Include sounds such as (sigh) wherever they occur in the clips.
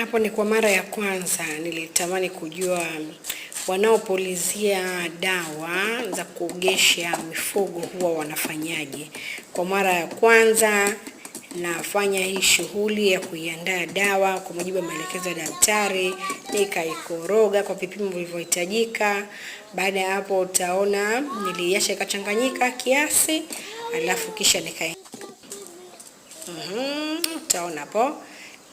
Hapo ni kwa mara ya kwanza nilitamani kujua um, wanaopulizia dawa za kuogesha mifugo huwa wanafanyaje. Kwa mara ya kwanza nafanya hii shughuli ya kuiandaa dawa kwa mujibu wa maelekezo ya daktari, nikaikoroga kwa vipimo vilivyohitajika. Baada ya hapo, utaona niliacha ikachanganyika kiasi, alafu kisha nika mhm, utaona hapo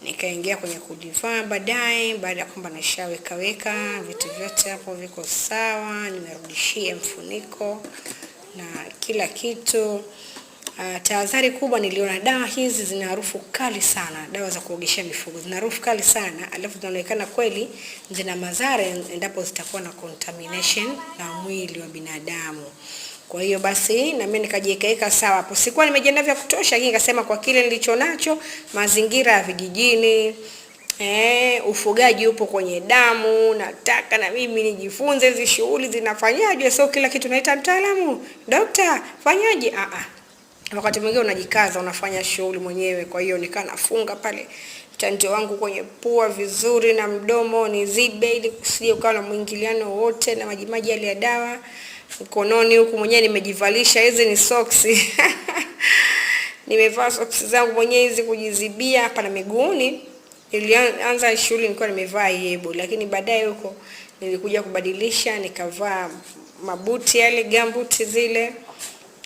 nikaingia kwenye kujivaa baadaye, baada ya kwamba nishawekaweka vitu vyote hapo viko sawa, nimerudishia mfuniko na kila kitu. Uh, tahadhari kubwa niliona dawa hizi zina harufu kali sana, dawa za kuogeshea mifugo zina harufu kali sana, alafu zinaonekana kweli zina madhara endapo zitakuwa na contamination na mwili wa binadamu. Kwa hiyo basi na mimi nikajiwekaeka sawa hapo. Sikuwa nimejiandaa vya kutosha, lakini nikasema kwa kile nilicho nacho, mazingira ya vijijini, eh, ufugaji upo kwenye damu, nataka na mimi nijifunze hizi shughuli zinafanyaje, sio kila kitu naita mtaalamu, dokta, fanyaje? Ah ah. Wakati mwingine unajikaza unafanya shughuli mwenyewe. Kwa hiyo nikaa nafunga pale mtandio wangu kwenye pua vizuri na mdomo nizibe, ili kusije ukawa na mwingiliano wote na majimaji yale ya dawa mkononi huku mwenyewe nimejivalisha, hizi ni soksi (laughs) nimevaa soksi zangu mwenyewe hizi kujizibia hapa na miguuni. Nilianza shule nilikuwa nimevaa yebo, lakini baadaye huko nilikuja kubadilisha nikavaa mabuti yale gambuti zile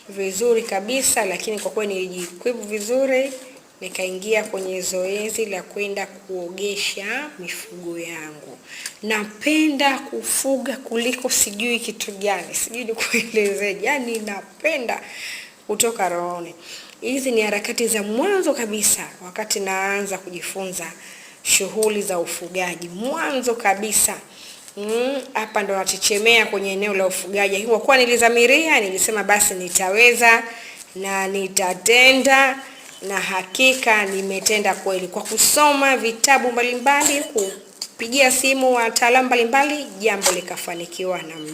vizuri kabisa, lakini kwa kweli nilijikwibu vizuri nikaingia kwenye zoezi la kwenda kuogesha mifugo yangu. Napenda kufuga kuliko sijui kitu gani, sijui nikuelezeje, yaani napenda kutoka rohoni. Hizi ni harakati za mwanzo kabisa wakati naanza kujifunza shughuli za ufugaji, mwanzo kabisa mm, hapa mm, ndo natichemea kwenye eneo la ufugaji. Kwa kuwa nilisema basi nitaweza na nitatenda na hakika nimetenda kweli kwa kusoma vitabu mbalimbali, kupigia simu wataalamu mbalimbali, jambo likafanikiwa namna